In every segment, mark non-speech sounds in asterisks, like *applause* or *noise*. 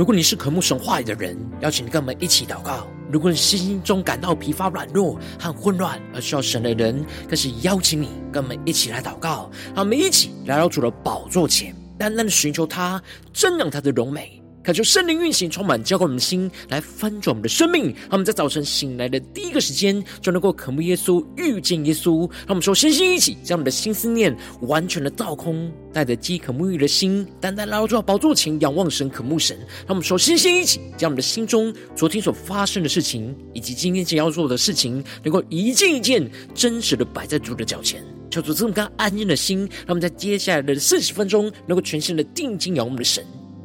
如果你是渴慕神話語的人，邀請你跟我們一起禱告。如果你心中感到疲乏、軟弱和混亂，而需要神的人，更是邀請你跟我們一起來禱告。讓我們一起來到主的寶座前，單單的尋求他，瞻仰他的榮美。懇求聖靈運行，充滿澆灌我們的心，來翻轉我們的生命。他們在早晨醒來的第一個時間，就能夠渴慕耶穌，遇見耶穌。他們說，星星一起，將我們的心思念完全的倒空，帶着飢渴慕義的心，單單拉住寶座前，仰望神，渴慕神。他們說，星星一起，將我們的心中昨天所發生的事情，以及今天想要做的事情，能夠一件一件真實的擺在主的腳前，求主，這麼剛安靜的心，他們在接下來的四十分鐘，能夠全心的定睛仰望我們的神。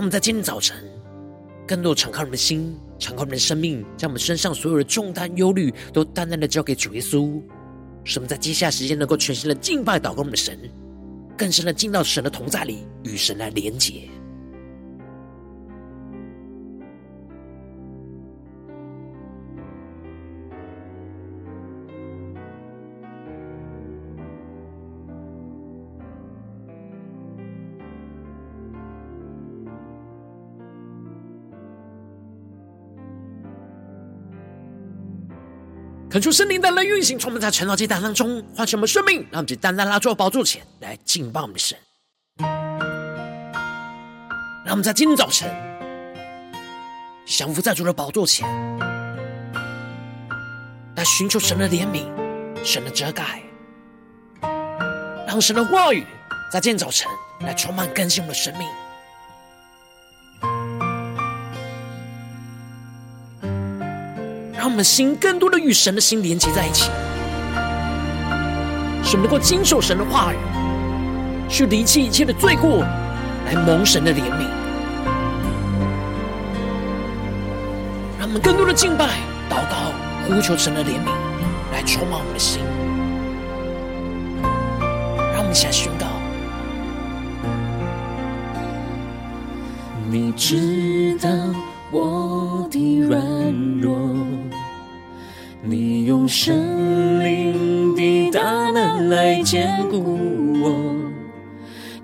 那麼在今天早晨，更多敞開我們的心，敞開我們生命，將我們身上所有的重擔、憂慮，都單單的交給主耶穌。使我們在接下來時間，能夠全心的敬拜、禱告我們的神，更深的進到神的同在裡，與神來連結。神出生命的熱運行，充滿在晨禱祭壇當中，喚醒我們生命，讓我們在單單拉住寶座前來敬拜我們的神。讓我們在今天早晨，降服在主的寶座前來尋求神的憐憫、神的遮蓋，讓神的話語在今天早晨來充滿更新我們的生命。讓我們的心更多的與神的心連接在一起，使我們能夠謹守神的話語，去離棄一切的罪過，來蒙神的憐憫。讓我們更多的敬拜、禱告、呼求神的憐憫，來充滿我們的心。讓我們一起來宣告：你知道我的軟弱。聖靈的大能來堅固我，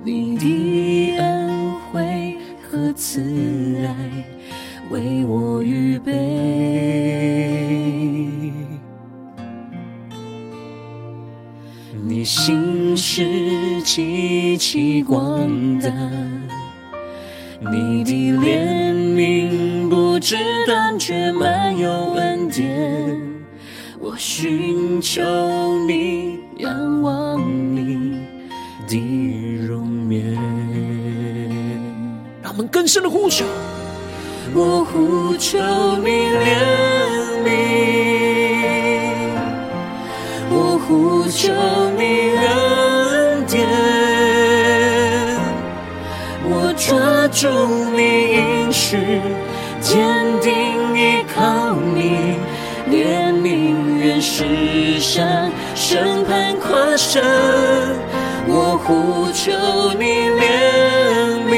你的恩惠和慈愛為我預備。你心是極其廣大，你的憐憫不知但卻滿有恩典。我尋求你，仰望你的容顏。讓我們更深的呼求，我呼求你憐憫，我呼求你恩典，我抓住你應許，堅定依靠你。是神，審判跨生，我呼求你憐憫，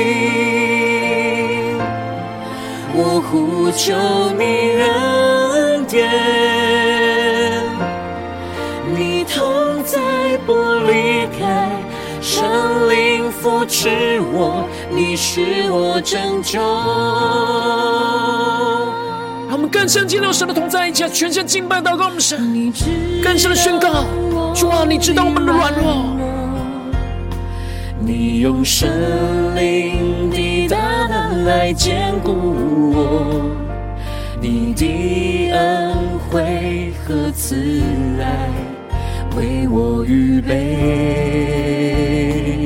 我呼求你恩典，你同在不離開，聖靈扶持我，你是我拯救。我們更深進入神的同在，一起啊，全心敬拜、禱告，蒙神更深的宣告：主啊，你知道我們的軟弱，你用聖靈的大能來堅固我，你的恩惠和慈愛為我預備。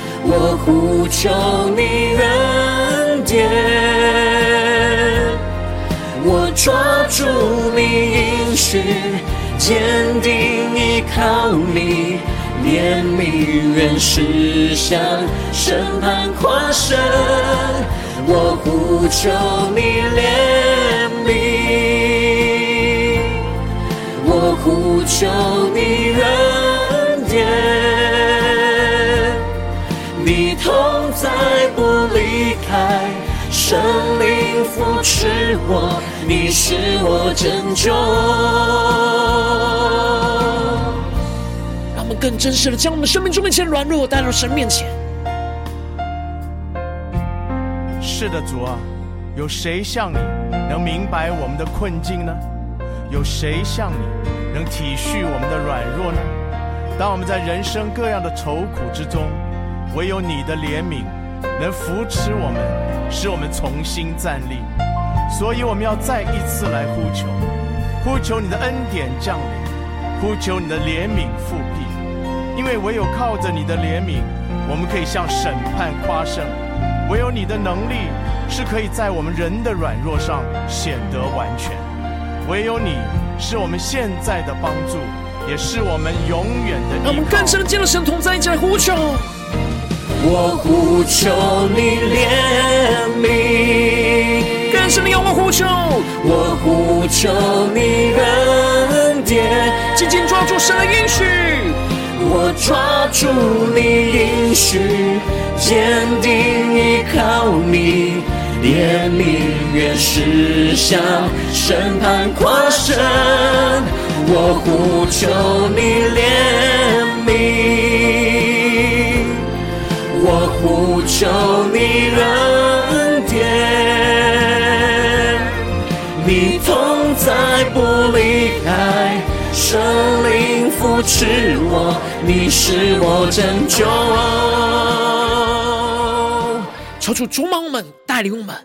我呼求你恩典，我抓住你應許，堅定依靠你，憐憫原是向審判誇勝。我呼求你憐憫，我呼求你恩。生命扶持我，你是我拯救。讓我們更真實的將我們生命中的一切軟弱我帶到神面前。是的，主啊，有誰像你能明白我們的困境呢？有誰像你能體恤我們的軟弱呢？當我們在人生各樣的愁苦之中，唯有你的憐憫。能扶持我們，使我們重新站立，所以我們要再一次來呼求，呼求你的恩典降臨，呼求你的憐憫覆庇。因為唯有靠着你的憐憫，我們可以向審判誇勝；唯有你的能力是可以在我們人的軟弱上顯得完全；唯有你是我們現在的幫助，也是我們永遠的依靠。我們跟神、精神同在一起來呼求。我呼求你憐憫，感謝你讓我呼求。我呼求你恩典，緊緊抓住神的應許。我抓住你應許，堅定依靠你憐憫，原是向審判誇勝。我呼求你憐憫。呼求你的恩典，你同在不離開，聖靈扶持我，你是我拯救，哦。求主主滿我們，帶領我們，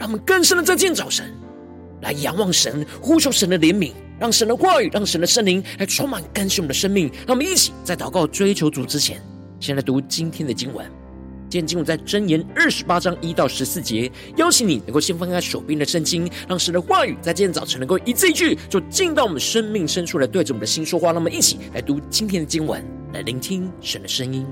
讓我們更深的在這早晨，來仰望神，呼求神的憐憫，讓神的話語，讓神的聖靈來充滿更新我們的生命。讓我們一起在禱告追求主之前，先來讀今天的經文。今天經文在箴言二十八章一到十四節，邀請你能夠先翻開手邊的聖經，讓神的話語在今天早晨能夠一字一句，就進到我們生命深處來，對着我們的心說話。那麼，一起來讀今天的經文，來聆聽神的聲音。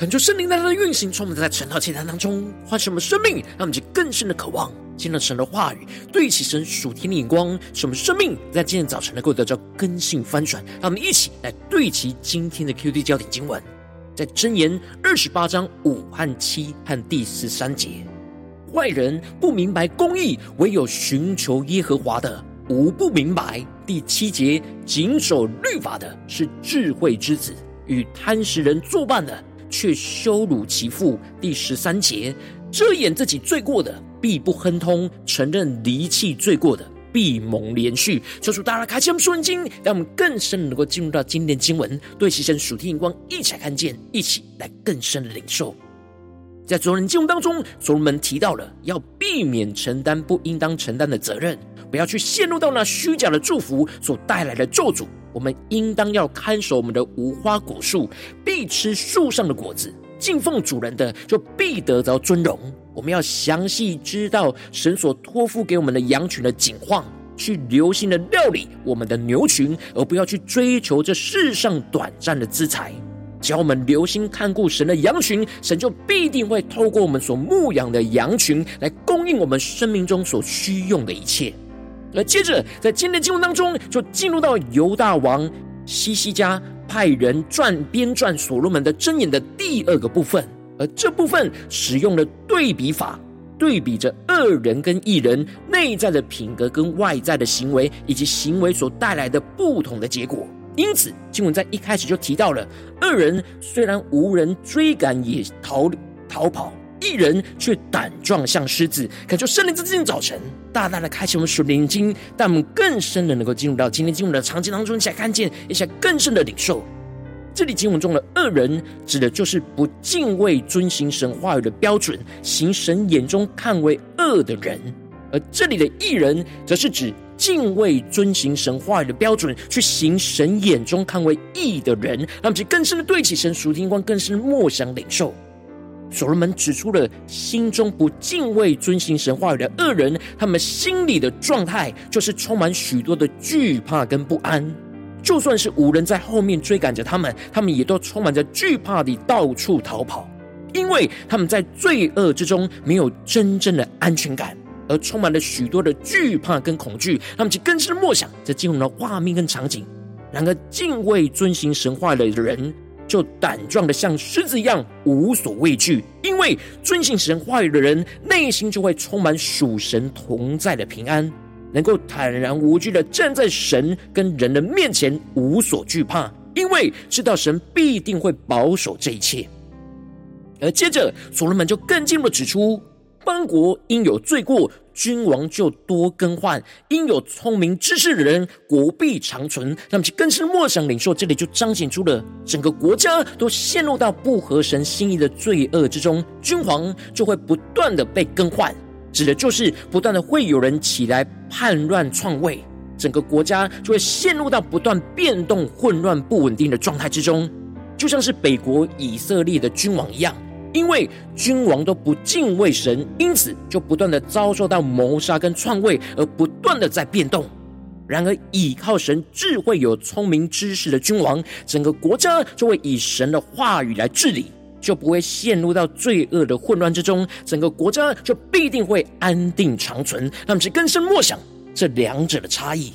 懇求聖靈在祂的運行，充滿在晨禱祈禱當中，喚醒我們生命，讓我們去更深的渴望，進入神的話語，對齊神屬天的眼光，使我們生命在今天早晨能夠得到更新翻轉。讓我們一起來對齊今天的 QT 焦點經文，在箴言二十八章五和七和第十三節：壞人不明白公義，唯有尋求耶和華的，無不明白。第七節，謹守律法的是智慧之子，與貪食人作伴的，卻羞辱其父。第十三節，遮掩自己罪過的，必不亨通；承認離棄罪過的，必蒙憐恤。求主，大家開啟我們聖經，讓我們更深能夠進入到經典經文，對其神屬天眼光一起看見，一起來更深領受。在昨日經文當中，所羅門提到了要避免承擔不應當承擔的責任，不要去陷入到那虛假的祝福所帶來的咒詛。我們應當要看守我們的無花果樹，必吃樹上的果子；敬奉主人的，就必得着尊榮。我們要詳細知道神所託付給我們的羊群的景況，去留心的料理我們的牛群，而不要去追求這世上短暫的資財。只要我們留心看顧神的羊群，神就必定會透過我們所牧養的羊群，來供應我們生命中所需用的一切。而接着，在今天的經文當中，就進入到猶大王西西家派人傳編撰所羅門的箴言的第二個部分，而這部分使用了對比法，對比着惡人跟義人內在的品格跟外在的行為，以及行為所帶來的不同的結果。因此，經文在一開始就提到了，惡人雖然無人追趕，也逃逃跑。義人卻膽壯像獅子，懇求聖靈在這早晨大大的開啟我們屬靈經，但讓我們更深的能夠進入到今天經文的場景當中，一起來看見，一起來更深的領受。這裡經文中的惡人，指的就是不敬畏、遵行神話語的標準，行神眼中看為惡的人；而這裡的義人，則是指敬畏、遵行神話語的標準，去行神眼中看為義的人。讓我們其更深的對起神屬天光，更深的默想領受。所羅門指出了心中不敬畏、遵行神話語的惡人，他們心裡的狀態就是充滿許多的懼怕跟不安。就算是無人在後面追趕着他們，他們也都充滿着懼怕地到處逃跑，因為他們在罪惡之中沒有真正的安全感，而充滿了許多的懼怕跟恐懼。他們就更深默想，在進入了畫面跟場景。然而，敬畏、遵行神話語的人。就膽壯的像獅子一樣無所畏懼，因為遵行神話語的人，內心就會充滿屬神同在的平安，能夠坦然無懼的站在神跟人的面前無所懼怕，因為知道神必定會保守這一切。而接着，所羅門就更進一步指出。邦國因有罪過，君王就多更換；因有聰明知識的人，國必長存。那麼，其更深默想領受，這裡就彰顯出了整個國家都陷入到不合神心意的罪惡之中，君王就會不斷的被更換，指的就是不斷的會有人起來叛亂篡位，整個國家就會陷入到不斷變動、混亂、不穩定的狀態之中，就像是北國以色列的君王一樣。因為君王都不敬畏神，因此就不斷的遭受到謀殺跟篡位，而不斷的在變動。然而，倚靠神智慧、有聰明知識的君王，整個國家就會以神的話語來治理，就不會陷入到罪惡的混亂之中。整個國家就必定會安定長存，他們是更深默想這兩者的差異。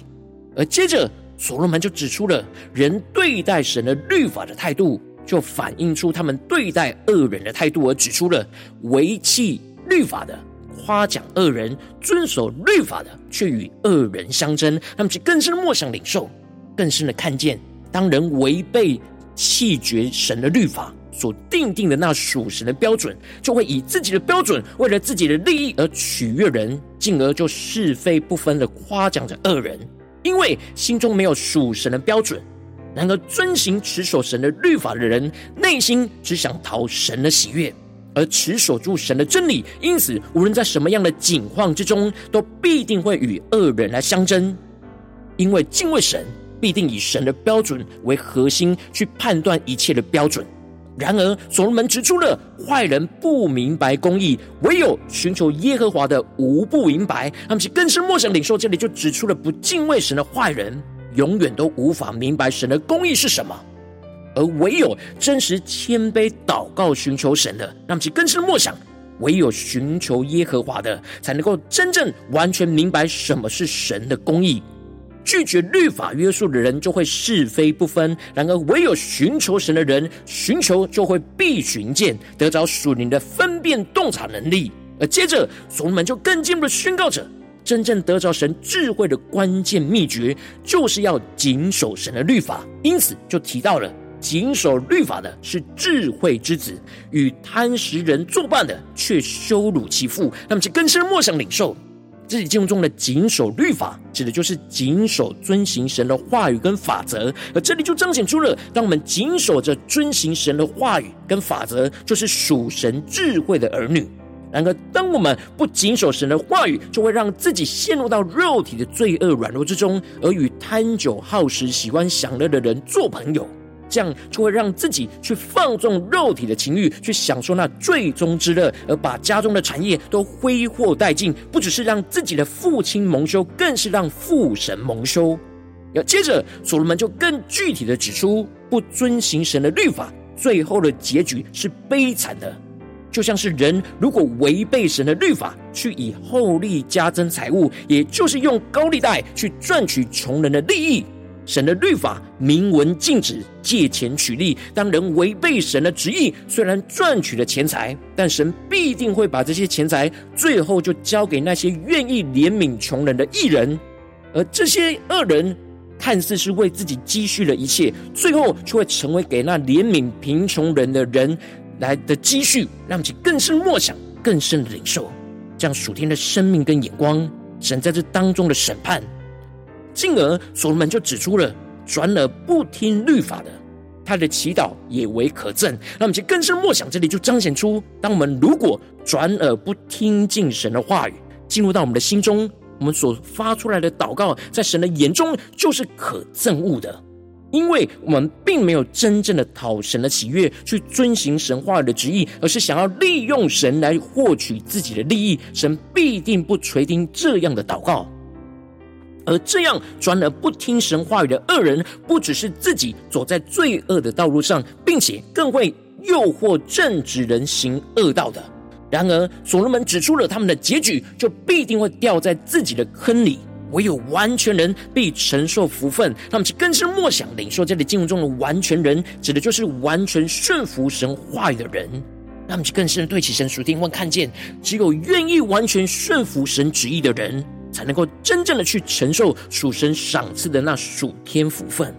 而接着，所羅門就指出了人對待神的律法的態度。就反映出他們對待惡人的態度，而指出了違棄律法的誇獎惡人，遵守律法的卻與惡人相爭。他們就更深的默想領受，更深的看見，當人違背棄絕神的律法所定定的那屬神的標準，就會以自己的標準，為了自己的利益而取悅人，進而就是非不分的誇獎着惡人，因為心中沒有屬神的標準。然而，遵行持守神的律法的人，內心只想討神的喜悅，而持守住神的真理。因此，無論在什麼樣的境況之中，都必定會與惡人來相爭。因為敬畏神，必定以神的標準為核心去判斷一切的標準。然而，所羅門指出了壞人不明白公義，唯有尋求耶和華的，無不明白。他們是更是默想領受這裡，就指出了不敬畏神的壞人。永遠都無法明白神的公義是什麼，而唯有真實謙卑禱告尋求神的，讓其更深的默想，唯有尋求耶和華的，才能夠真正完全明白什麼是神的公義。拒絕律法約束的人，就會是非不分，然而，唯有尋求神的人，尋求就會必尋見，得着屬靈的分辨洞察能力。而接着，所羅門就更進入了宣告者。真正得着神智慧的關鍵秘訣，就是要謹守神的律法。因此就提到了謹守律法的是智慧之子，與貪食人作伴的卻羞辱其父。那麼去更深默想領受，這裡經文中的謹守律法，指的就是謹守遵行神的話語跟法則。而這裡就彰顯出了，當我們謹守着遵行神的話語跟法則，就是屬神智慧的兒女。然而，當我們不謹守神的話語，就會讓自己陷入到肉體的罪惡軟弱之中，而與貪酒好食、喜歡享樂的人做朋友，這樣就會讓自己去放縱肉體的情慾，去享受那最終之樂，而把家中的產業都揮霍殆盡。不只是讓自己的父親蒙羞，更是讓父神蒙羞。要接着，所羅門就更具體的指出，不遵行神的律法，最後的結局是悲慘的。就像是人如果違背神的律法，去以厚利加增財物，也就是用高利貸去賺取窮人的利益。神的律法明文禁止借錢取利。當人違背神的旨意，雖然賺取了錢財，但神必定會把這些錢財最後就交給那些願意憐憫窮人的義人。而這些惡人看似是為自己積蓄了一切，最後卻會成為給那憐憫貧窮人的人。來的積蓄，讓其更深默想、更深的領受，這樣屬天的生命跟眼光，神在這當中的審判，進而所羅門就指出了轉耳不聽律法的，他的祈禱也為可憎。讓我們更深默想，這裡就彰顯出，當我們如果轉耳不聽進神的話語，進入到我們的心中，我們所發出來的禱告，在神的眼中就是可憎惡的。因為我們並沒有真正的討神的喜悅，去遵行神話語的旨意，而是想要利用神來獲取自己的利益，神必定不垂聽這樣的禱告。而這樣轉耳不聽神話語的惡人，不只是自己走在罪惡的道路上，並且更會誘惑正直人行惡道的。然而，所羅門指出了他們的結局，就必定會掉在自己的坑裡。唯有完全人必承受福分，那麼們更是默想，領受這裡經文中的“完全人”，指的就是完全順服神話語的人。那麼們更是對其神屬天光，看見只有願意完全順服神旨意的人，才能夠真正的去承受屬神賞賜的那屬天福分。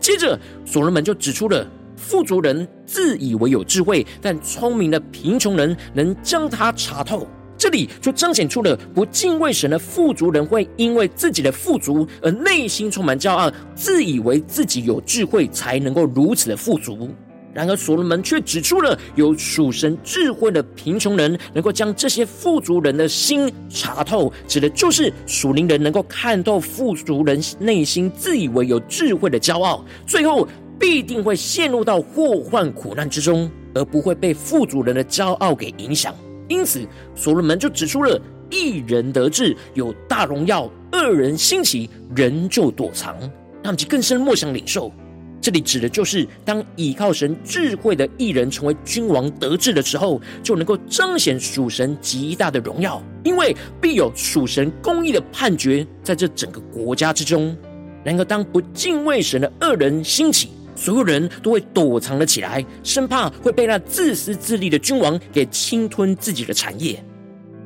接着，所羅門就指出了富足人自以為有智慧，但聰明的貧窮人能將他查透。這裡就彰顯出了不敬畏神的富足人，會因為自己的富足而內心充滿驕傲，自以為自己有智慧才能夠如此的富足。然而，所羅門卻指出了有屬神智慧的貧窮人，能夠將這些富足人的心查透，指的就是屬靈人能夠看透富足人內心自以為有智慧的驕傲，最後必定會陷入到禍患苦難之中，而不會被富足人的驕傲給影響。因此，所羅門就指出了：一人得志，有大榮耀；惡人興起，人就躲藏。讓其更深默想領受。這裡指的就是，當倚靠神智慧的一人成為君王得志的時候，就能夠彰顯屬神極大的榮耀，因為必有屬神公義的判決在這整個國家之中。然而，當不敬畏神的惡人興起，所有人都會躲藏了起來，生怕會被那自私自利的君王給侵吞自己的產業。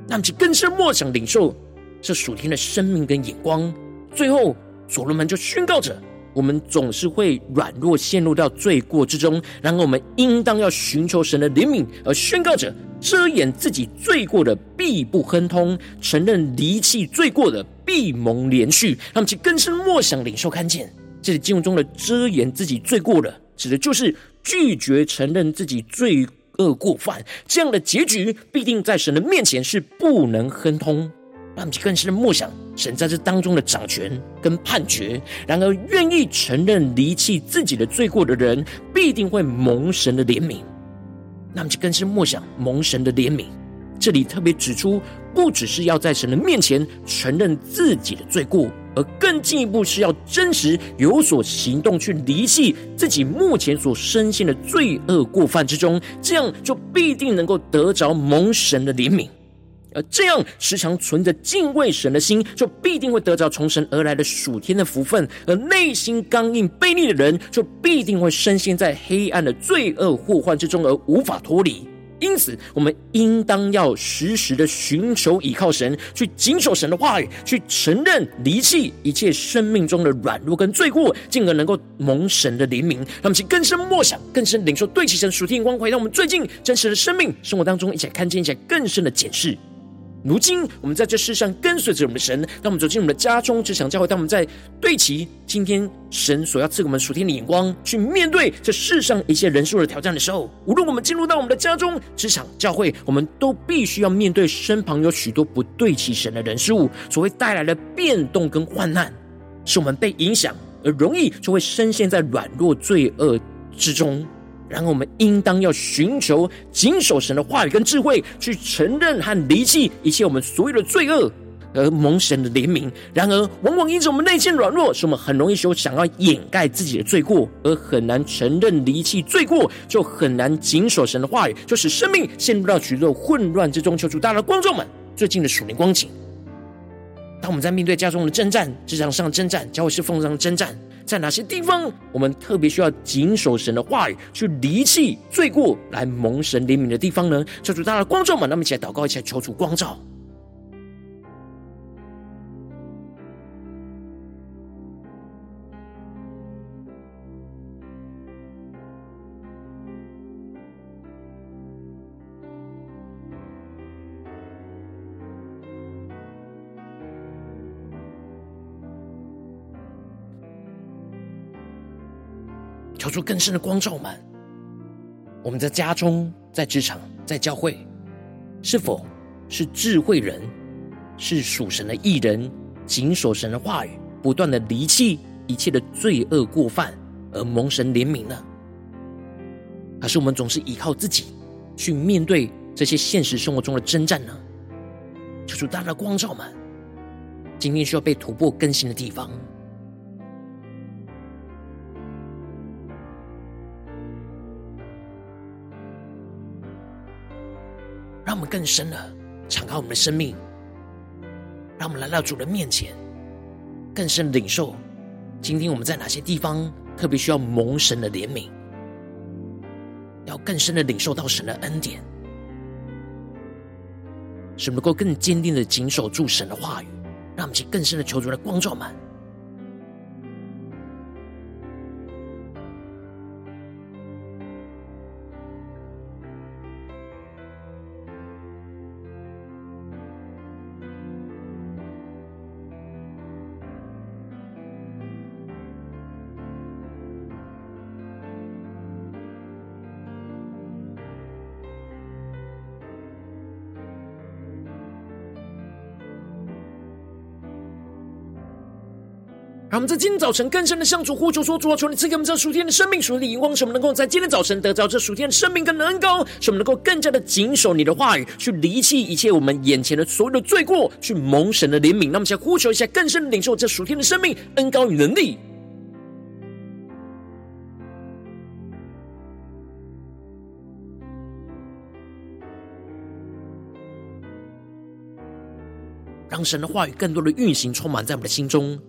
那麼就去更深默想領受這屬天的生命跟眼光。最後，所羅門就宣告着：我們總是會軟弱，陷入到罪過之中。然而，我們應當要尋求神的憐憫，而宣告着遮掩自己罪過的必不亨通，承認離棄罪過的必蒙憐恤，讓我們去更深默想領受看見。這裡經文中的遮掩自己罪過的，指的就是拒絕承認自己罪惡過犯，這樣的結局必定在神的面前是不能亨通。那我就更深的默想神在這當中的掌權跟判決。然而，願意承認、離棄自己的罪過的人，必定會蒙神的憐憫。那我就更深默想蒙神的憐憫。這裡特別指出，不只是要在神的面前承認自己的罪過，而更進一步是要真實有所行動，去離棄自己目前所深陷的罪惡過犯之中，這樣就必定能夠得着蒙神的憐憫。而這樣時常存着敬畏神的心，就必定會得着從神而來的屬天的福分；而內心剛硬悖逆的人，就必定會深陷在黑暗的罪惡禍患之中，而無法脫離。因此，我們應當要時時的尋求倚靠神，去謹守神的話語，去承認離棄一切生命中的軟弱跟罪過，進而能夠蒙神的憐憫。讓其更深默想，更深領受，對齊神屬天光輝，讓我們最近真實的生命生活當中一來，一起看見一些更深的解釋。如今，我們在這世上跟隨着我們的神，當我們走進我們的家中、職場教會，當我們在對齊今天神所要賜給我們屬天的眼光，去面對這世上一些人事物的挑戰的時候，無論我們進入到我們的家中、職場教會，我們都必須要面對身旁有許多不對齊神的人事物，所會帶來的變動跟患難，使我們被影響而容易就會深陷在軟弱、罪惡之中。然而，我們應當要尋求謹守神的話語跟智慧，去承認和離棄一切我們所有的罪惡，而蒙神的憐憫。然而，往往因着我們內心軟弱，所以我們很容易就想要掩蓋自己的罪過，而很難承認離棄罪過，就很難謹守神的話語，就使生命陷入到許多混亂之中。求主，大的觀眾們，最近的屬靈光景，當我們在面對家中的征戰、職場上征戰、教會事奉上征戰。在哪些地方，我們特別需要謹守神的話語，去離棄罪過，來蒙神憐憫的地方呢？求主大家的光照嘛，那麼一起來禱告，一起來求主光照。出更深的光照滿。我們在家中、在職場、在教會，是否是智慧人，是屬神的義人，謹守神的話語，不斷的離棄一切的罪惡過犯，而蒙神憐憫呢？還是我們總是依靠自己去面對這些現實生活中的征戰呢？求主大大的光照滿，今天需要被突破更新的地方。更深的敞開我們的生命，讓我們來到主的面前，更深的領受今天我們在哪些地方特別需要蒙神的憐憫，要更深的領受到神的恩典，使我們能夠更堅定的謹守住神的話語，讓我們去更深的求主來光照我們。我們在今天早晨更深的向主呼求說：“主啊，求你賜給我們這屬天的生命、屬靈的眼光，使我們能夠在今天早晨得到這屬天的生命跟恩膏，使我們能夠更加的謹守你的話語，去離棄一切我們眼前的所有的罪過，去蒙神的憐憫。”那麼，先呼求一下，更深的領受這屬天的生命、恩膏與能力，讓神的話語更多的運行、充滿在我們的心中。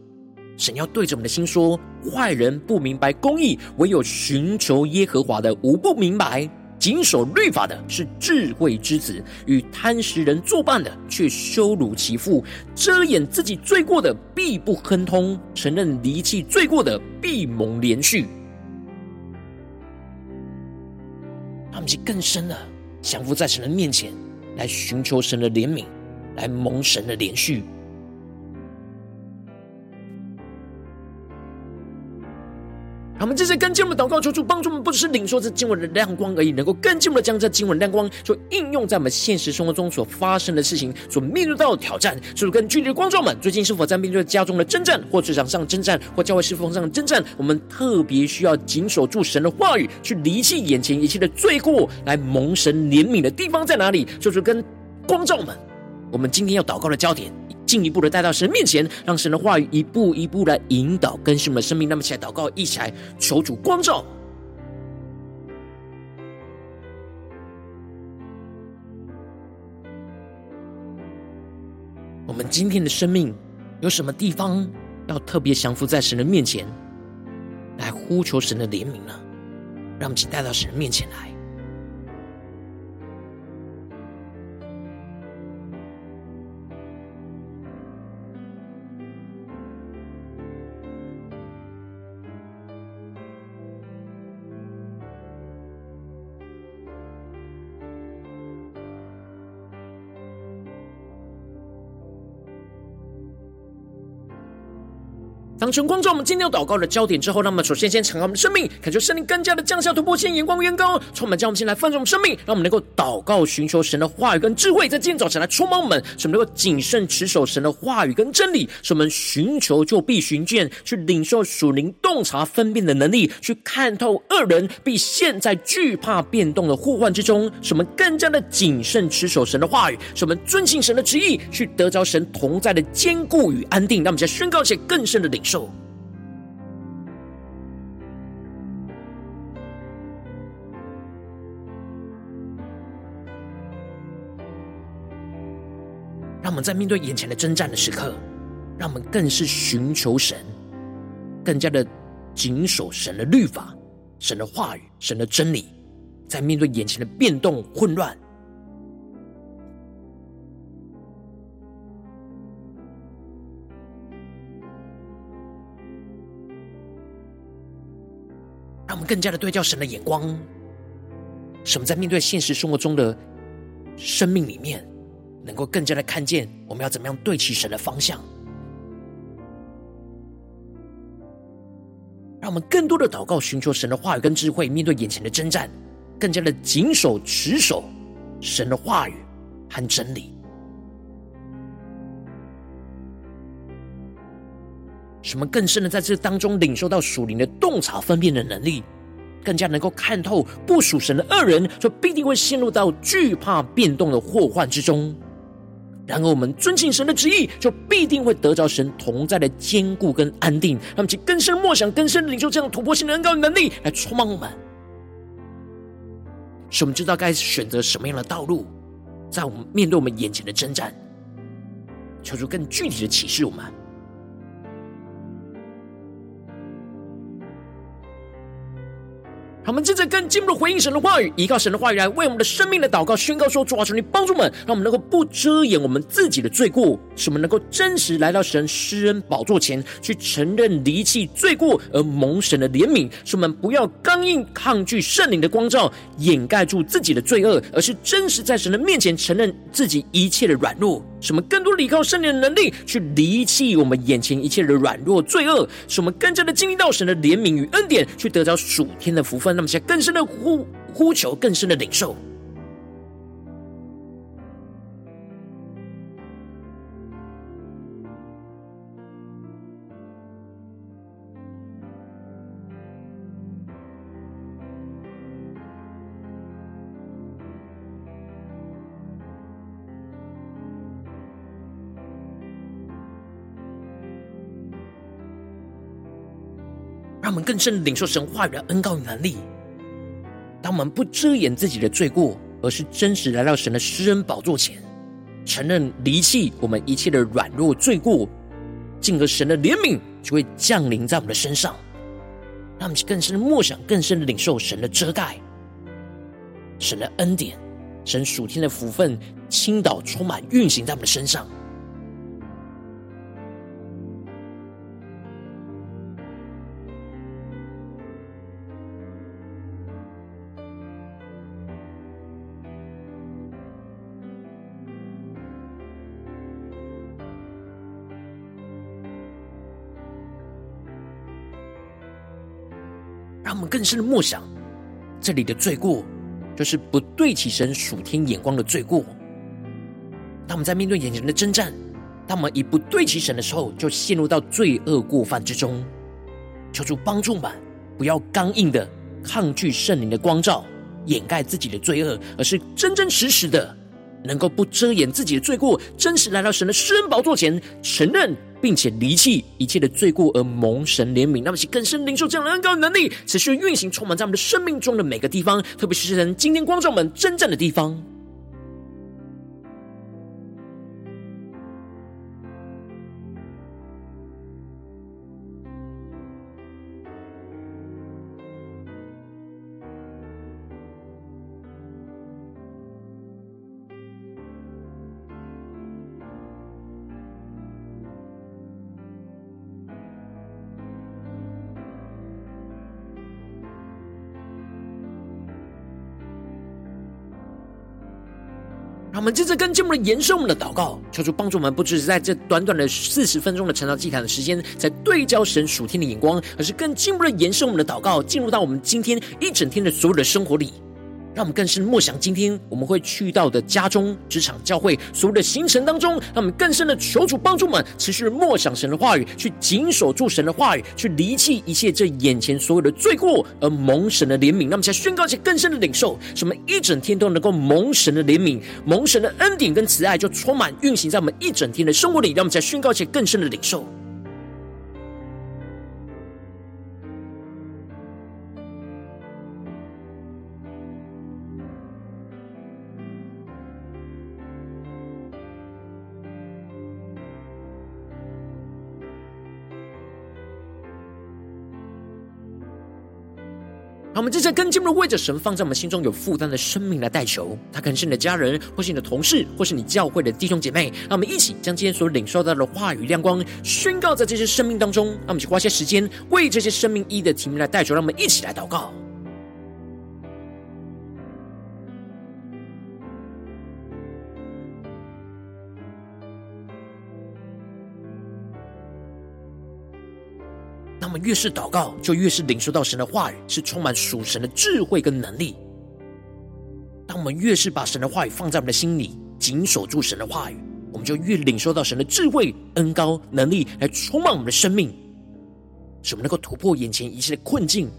神要對着我們的心說：“壞人不明白公義，唯有尋求耶和華的，無不明白；謹守律法的是智慧之子，與貪食人作伴的，卻羞辱其父；遮掩自己罪過的，必不亨通；承認離棄罪過的，必蒙憐恤。”他們就更深了，降伏在神的面前，來尋求神的憐憫，來蒙神的憐恤。我們這些跟進的禱告，求主幫助我們，不只是領受這今晚的亮光而已，能夠跟進的將這今晚亮光就應用在我們現實生活中所發生的事情，所面對到的挑戰。就是跟軍隊的觀眾們，最近是否在面對家中的征戰，或職場上征戰，或教會事奉上的征戰？我們特別需要謹守住神的話語，去離棄眼前一切的罪過，來蒙神憐憫的地方在哪裡？就是跟光照們，我們今天要禱告的焦點。進一步的帶到神面前，讓神的話語一步一步的引導更新我們的生命。那麼起來禱告，一起來求主光照。 *noise* 我們今天的生命有什麼地方要特別降服在神的面前，來呼求神的憐憫呢？讓我們帶到神的面前來。當晨光照我們今天禱告的焦點之後，讓我們首先先敞開我們的生命，懇求聖靈更加的降下突破，先眼光遠高。充滿將我們先來放我們生命，讓我們能夠禱告尋求神的話語跟智慧，在今天早晨來充滿我們，使我們能夠謹慎持守神的話語跟真理。使我們尋求就必尋見，去領受屬靈洞察分辨的能力，去看透惡人必陷在懼怕變動的禍患之中。使我們更加的謹慎持守神的話語，使我們遵行神的旨意，去得着神同在的堅固與安定。讓我們先宣告一些更深的領。受，讓我們在面對眼前的征戰的時刻，讓我們更是尋求神，更加的謹守神的律法、神的話語、神的真理，在面對眼前的變動、混亂。更加的對照神的眼光，什麼在面對現實生活中的生命裡面，能夠更加的看見我們要怎麼樣對齊神的方向？讓我們更多的禱告，尋求神的話語跟智慧，面對眼前的征戰，更加的謹守持守神的話語和真理。什麼更深的在這當中領受到屬靈的洞察分辨的能力？更加能夠看透不屬神的惡人，就必定會陷入到懼怕變動的禍患之中。然而，我們尊敬神的旨意，就必定會得着神同在的堅固跟安定。讓我們去更深默想，更深領受這樣突破性的恩膏能力，來充滿，使我們知道該選擇什麼樣的道路，在我們面對我們眼前的征戰，求、就、出、是、更具體的啟示我們、啊。我們正在更進步的回應神的話語，依靠神的話語來為我們的生命的禱告，宣告說：主啊，求你幫助我們，讓我們能夠不遮掩我們自己的罪過，使我們能夠真實來到神施恩寶座前，去承認離棄罪過，而蒙神的憐憫，使我們不要剛硬抗拒聖靈的光照，掩蓋住自己的罪惡，而是真實在神的面前承認自己一切的軟弱。使我們更多的依靠聖靈的能力，去離棄我們眼前一切的軟弱、罪惡，使我們更加的經歷到神的憐憫與恩典，去得到屬天的福分。那麼，向更深的呼呼求，更深的領受。他們更深領受神話語的恩膏與能力。當我們不遮掩自己的罪過，而是真實來到神的施恩寶座前，承認離棄我們一切的軟弱罪過，進而神的憐憫就會降臨在我們的身上。他們更深默想，更深的領受神的遮蓋、神的恩典、神屬天的福分傾倒充滿運行在我們的身上。更深的默想，這裡的罪過就是不對起神屬天眼光的罪過。他們在面對眼前的征戰，他們一不對起神的時候，就陷入到罪惡過犯之中。求主幫助吧，不要剛硬的抗拒聖靈的光照，掩蓋自己的罪惡，而是真真實實的，能夠不遮掩自己的罪過，真實來到神的施恩寶座前承認。並且離棄一切的罪過而蒙神憐憫，那麼請更深領受這樣的恩膏能力，持續運行，充滿在我們的生命中的每個地方，特別是今天光照我們真正的地方。我們正在更進一步的延伸我們的禱告，求主幫助我們，不只是在這短短的四十分鐘的晨禱祭壇的時間，在對焦神屬天的眼光，而是更進一步的延伸我們的禱告，進入到我們今天一整天的所有的生活裡。讓我們更深的默想，今天我們會去到的家中、職場、教會，所有的行程當中，讓我們更深的求主幫助們，持續的默想神的話語，去謹守住神的話語，去離棄一切這眼前所有的罪過，而蒙神的憐憫。讓我們在宣告一些更深的領受，什麼一整天都能夠蒙神的憐憫、蒙神的恩典跟慈愛，就充滿運行在我們一整天的生活裡。讓我們在宣告一些更深的領受。讓我們這些跟進的，為着神放在我們心中有負擔的生命來代求。他可能是你的家人，或是你的同事，或是你教會的弟兄姐妹。讓我們一起將今天所領受到的話語亮光宣告在這些生命當中。讓我們花些時間，為這些生命一一的提名來代求。讓我們一起來禱告。越是禱告，就越是領受到神的話語，是充滿屬神的智慧跟能力。當我們越是把神的話語放在我們的心裡，謹守住神的話語，我們就越領受到神的智慧、恩膏、能力，來充滿我們的生命，使我們能夠突破眼前一切的困境。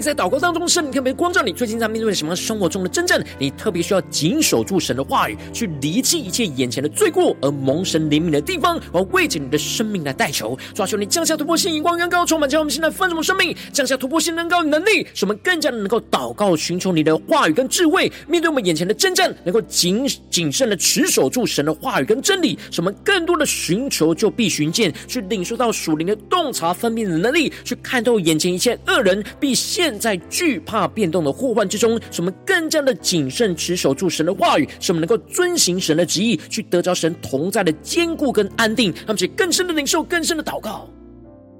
在禱告當中，聖靈特別光照你最近在面對什麼生活中的爭戰，你特別需要謹守住神的話語，去離棄一切眼前的罪過，而蒙神憐憫的地方，我要為着你的生命來代求，抓求你降下突破性，眼光更高，充滿着我們現在豐盛的生命，降下突破性，能夠有能力，使我們更加的能夠禱告，尋求你的話語跟智慧，面對我們眼前的爭戰，能夠謹謹慎的持守住神的話語跟真理，使我們更多的尋求就必尋見，去領受到屬靈的洞察分辨的能力，去看透眼前一切惡人必現。在懼怕變動的禍患之中，使我們更加的謹慎持守住神的話語，使我們能夠遵行神的旨意，去得着神同在的堅固跟安定，而且更深的領受、更深的禱告。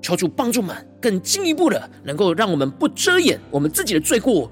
求主幫助我們更進一步的，能夠讓我們不遮掩，我們自己的罪過。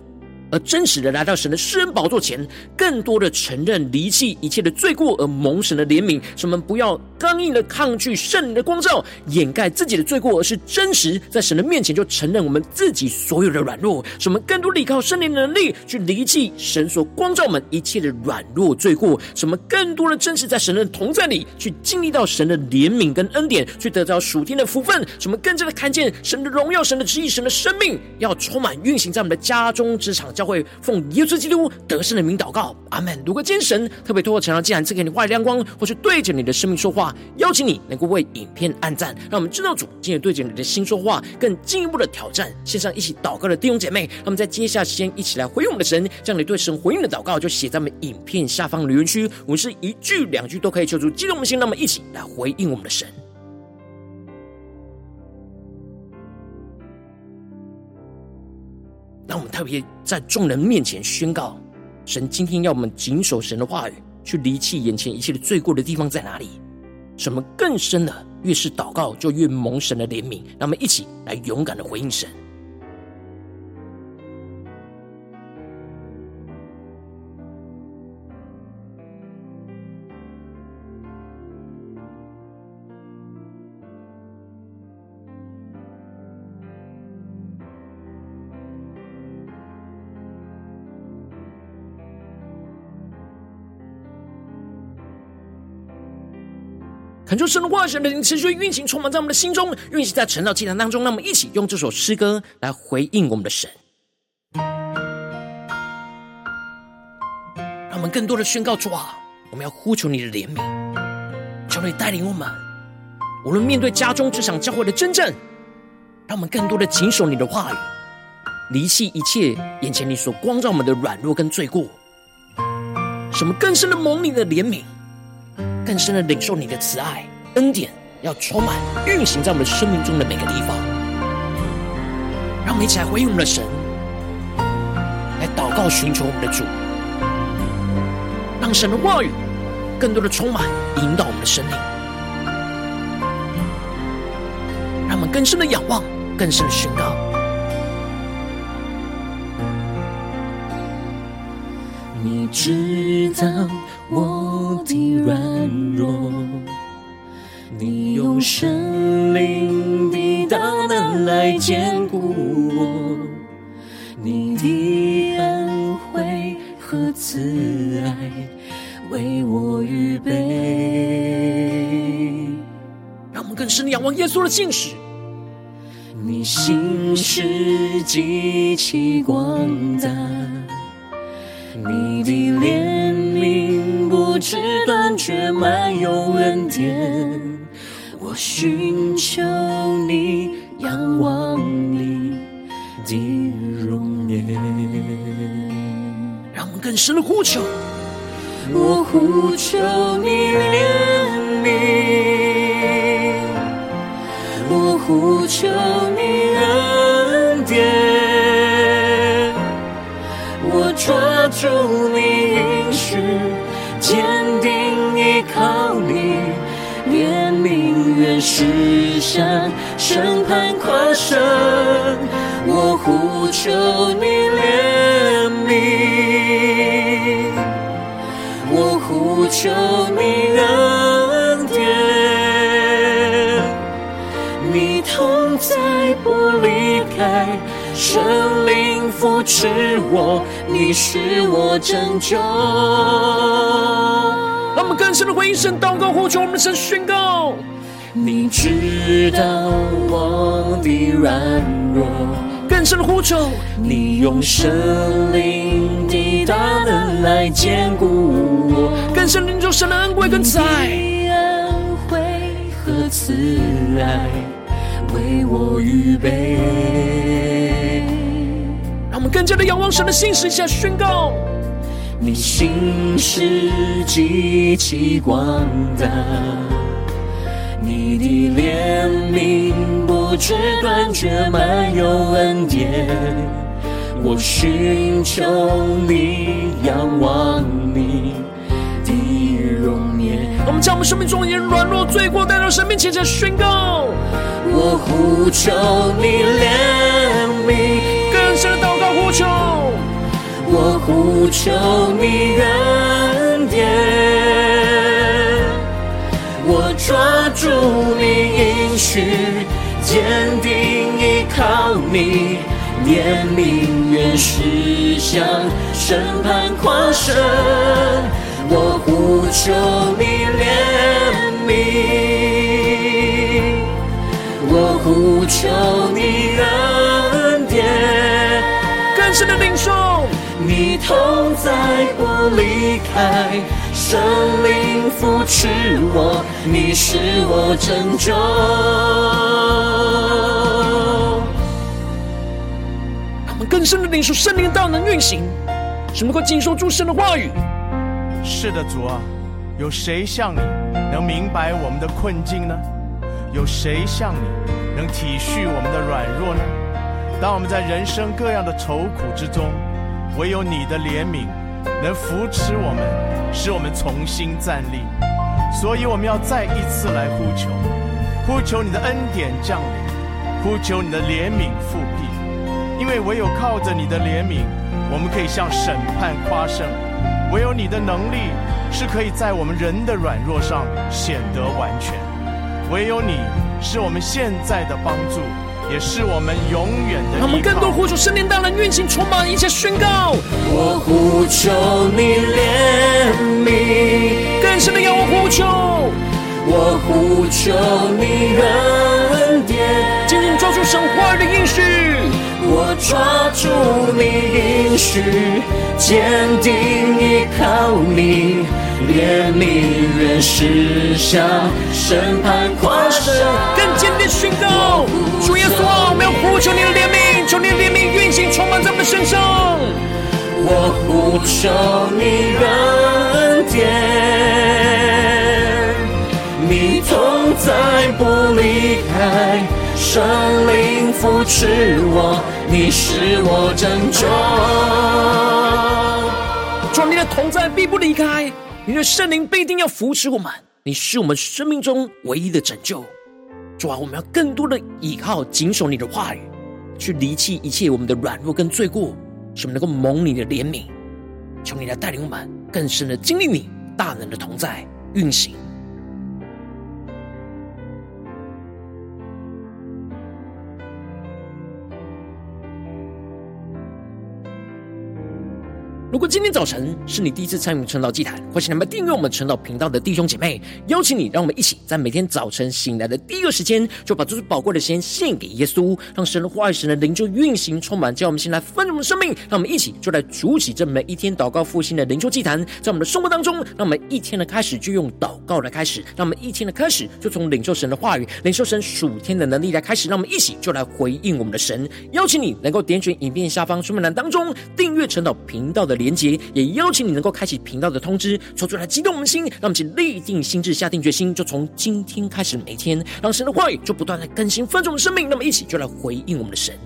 而真實的來到神的施恩寶座前，更多的承認離棄一切的罪過，而蒙神的憐憫。使我們不要剛硬的抗拒聖靈的光照，掩蓋自己的罪過，而是真實在神的面前就承認我們自己所有的軟弱。使我們更多的依靠聖靈的能力，去離棄神所光照我們一切的軟弱的罪過。使我們更多的真實在神的同在裡，去經歷到神的憐憫跟恩典，去得到屬天的福分。使我們更加的看見神的榮耀、神的旨意、神的生命，要充滿運行在我們的家中、職場教會奉耶穌基督得勝的名禱告，阿門。如果今天神特別透過《晨禱祭壇》賜給你話語的亮光，或是對着你的生命說話，邀請你能夠為影片按讚。讓我們知道主今日對着你的心說話，更進一步的挑戰。線上一起禱告的弟兄姐妹，那麼在接下來時間一起來回應我們的神。將你對神回應的禱告就寫在我們影片下方留言區。我們是一句兩句都可以，求主激動的心，那麼一起來回應我們的神。特別在眾人面前宣告，神今天要我們謹守神的話語，去離棄眼前一切的罪過的地方在哪裡？什麼更深的？越是禱告，就越蒙神的憐憫。那我們一起來勇敢的回應神。懇求神的話、神的靈持續運行，充滿在我們的心中，運行在晨禱祭壇當中。讓我們一起用這首詩歌來回應我們的神，讓我們更多的宣告主啊，我們要呼求你的憐憫，求你帶領我們，無論面對家中、職場、教會的爭戰，讓我們更多的謹守你的話語，離棄一切眼前你所光照我們的軟弱跟罪過，什麼更深的蒙你的憐憫。更深的領受你的慈愛恩典，要充滿運行在我們生命中的每個地方，讓我們一起來回應我們的神，來禱告尋求我們的主，讓神的話語更多的充滿引導我們的生命，讓我們更深的仰望，更深的尋找。你知道。我的軟弱，你用神靈的大能來堅固我。你的恩惠，和慈愛為我預備。讓我們更深地仰望耶穌的信實，你心是極其廣大，你的臉。我知道你滿有恩典，我尋求你，仰望你的容顏，讓我們更深的呼求，我呼求你憐憫，我呼求你恩典，我抓住你。是向神壇跨上誇，我呼求你憐憫，我呼求你恩典，你同在不離開，生靈扶持我，你是我拯救。讓我們更深的回應神禱告，呼求我們神宣告。你知道我的軟弱，更深的呼求，你用聖靈的大能來堅固我，更深的恩主，神的恩，跟的恩惠更在，慈愛為我預備。讓，我們更加的仰望神的信實下宣告，你信實極其廣大。你的憐憫，不知斷絕，滿有恩典。我尋求你，仰望你的容顏。我們將我們生命中一切軟弱、罪過帶到神面前，來宣告。我呼求你憐憫，更深禱告呼求。我呼求你憐憫。抓住你應許，堅定依靠你，憐憫原是向審判誇勝，我呼求你憐憫，我呼求你恩典。更深的領受，你同在不離開。聖靈扶持我，你是我拯救。我們更深的領受聖靈道能運行，只能夠謹守諸神的話語。是的，主啊，有誰像你能明白我們的困境呢？有誰像你能體恤我們的軟弱呢？當我們在人生各樣的愁苦之中，唯有你的憐憫。能扶持我們，使我們重新站立。所以我們要再一次來呼求，呼求你的恩典降臨，呼求你的憐憫覆庇。因為唯有靠着你的憐憫，我們可以向審判誇勝；唯有你的能力是可以在我們人的軟弱上顯得完全；唯有你是我們現在的幫助。也是我們永遠的依靠。讓我們更多呼求聖靈大人，運行充滿一切宣告。我呼求你憐憫，更深的要我呼求。我呼求你的恩典，緊緊抓住神話語的應許。抓住你應許，堅定依靠你，憐憫人世下審判，誇勝更堅定宣告，主耶穌，我們要呼求你的憐憫，求你的憐憫運行充滿咱們身上。我呼求你的恩典，你從不離開。聖靈扶持我，你是我拯救。求你的同在必不離開，你的聖靈必定要扶持我們。你是我們生命中唯一的拯救。主啊，我們要更多的依靠，謹守你的話語，去離棄一切我們的軟弱跟罪過，使我們能夠蒙你的憐憫。求你來帶領我們更深的經歷你大能的同在運行。如果今天早晨是你第一次參與晨禱祭壇，或是你們訂閱我們晨禱頻道的弟兄姐妹，邀請你，讓我們一起在每天早晨醒來的第一個時間，就把這最寶貴的時間獻給耶穌，讓神的話語、神的靈就運行充滿，叫我們醒來豐盛我們的生命。讓我們一起就來築起這每一天禱告復興的靈修祭壇，在我們的生活當中，讓我們一天的開始就用禱告來開始，讓我們一天的開始就從領受神的話語、領受神屬天的能力來開始。讓我們一起就來回應我們的神，邀請你能夠點選影片下方說明欄當中訂閱晨禱頻道的。連結，也邀請你能夠開啟頻道的通知，說出來激動我們心，讓我們立定心智，下定決心，就從今天開始，每天讓神的話語就不斷的更新豐盛我們生命，那麼一起就來回應我們的神。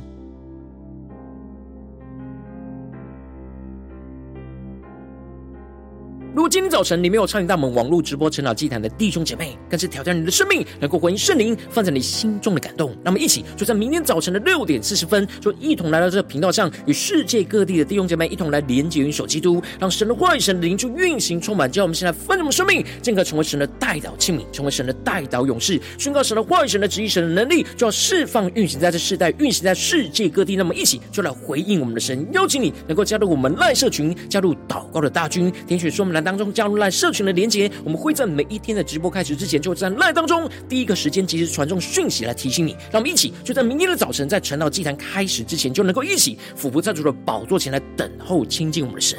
如果今天早晨你沒有參與到我們網絡直播晨禱祭壇的弟兄姐妹，更是挑戰你的生命，能夠回應聖靈放在你心中的感動。那麼，一起就在明天早晨的六點四十分，就一同來到這個頻道上，與世界各地的弟兄姐妹一同來連接於主基督，讓神的話語、神的靈就運行充滿。叫我們現在豐盛的生命，進可成為神的代禱器皿，成為神的代禱勇士，宣告神的話語、神的旨意、神的能力，就要釋放運行在這世代，運行在世界各地。那麼，一起就來回應我們的神，邀請你能夠加入我們賴社群，加入禱告的大軍，填寫說明欄當中加入 Line 社群的連結，我們會在每一天的直播開始之前，就在 Line 當中第一個時間及時傳送訊息來提醒你。讓我們一起，就在明天的早晨，在晨禱祭壇開始之前，就能夠一起俯伏在主的寶座前來等候親近我們的神。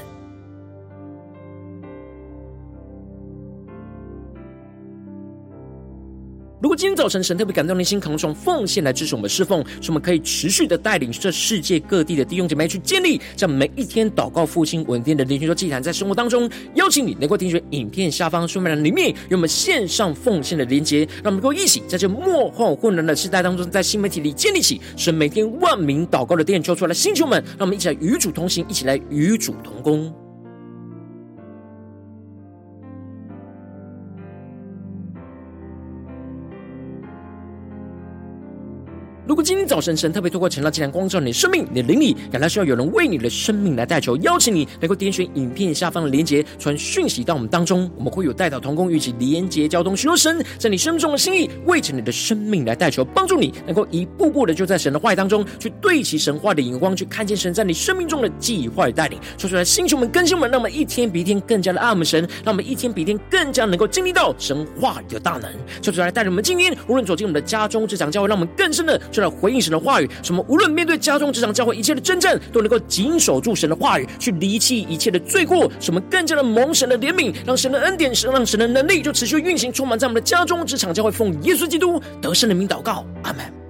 如果今天早晨神特別感動你的心，慷慨奉獻來支持我們侍奉，使我們可以持續的帶領這世界各地的弟兄姐妹去建立，在每一天禱告、復興、穩定的靈修祭壇，在生活當中邀請你能夠聽取影片下方說明欄裡面，有我們線上奉獻的連接，讓我們能夠一起在這末後混亂的世代當中，在新媒體裡建立起神每天萬名禱告的殿，求出來，星球們，讓我們一起來與主同行，一起來與主同工。今早神神特別透過晨禱祭壇，光照你的生命，你的靈裡，感到需要有人為你的生命來代求，邀請你能夠點選影片下方的連結，傳訊息到我們當中。我們會有代禱同工，以及連結交通，尋求神在你生命中的心意，為着你的生命來代求，幫助你能夠一步步的就在神的話語當中，去對齊神話語的眼光，去看見神在你生命中的計劃與帶領。說出來，星球們，更新們，讓我們一天比一天更加的愛慕神，讓我們一天比一天更加能夠經歷到神話語的大能。說出來，帶着我們今天無論走進我們的家中，這場教會，讓我們更深的出來。回應神的話語，什麼無論面對家中、職場、教會一切的爭戰，都能夠謹守住神的話語，去離棄一切的罪過，什麼更加的蒙神的憐憫，讓神的恩典，神讓神的能力就持續運行，充滿在我們的家中、職場、教會，奉耶穌基督得勝的名禱告，阿門。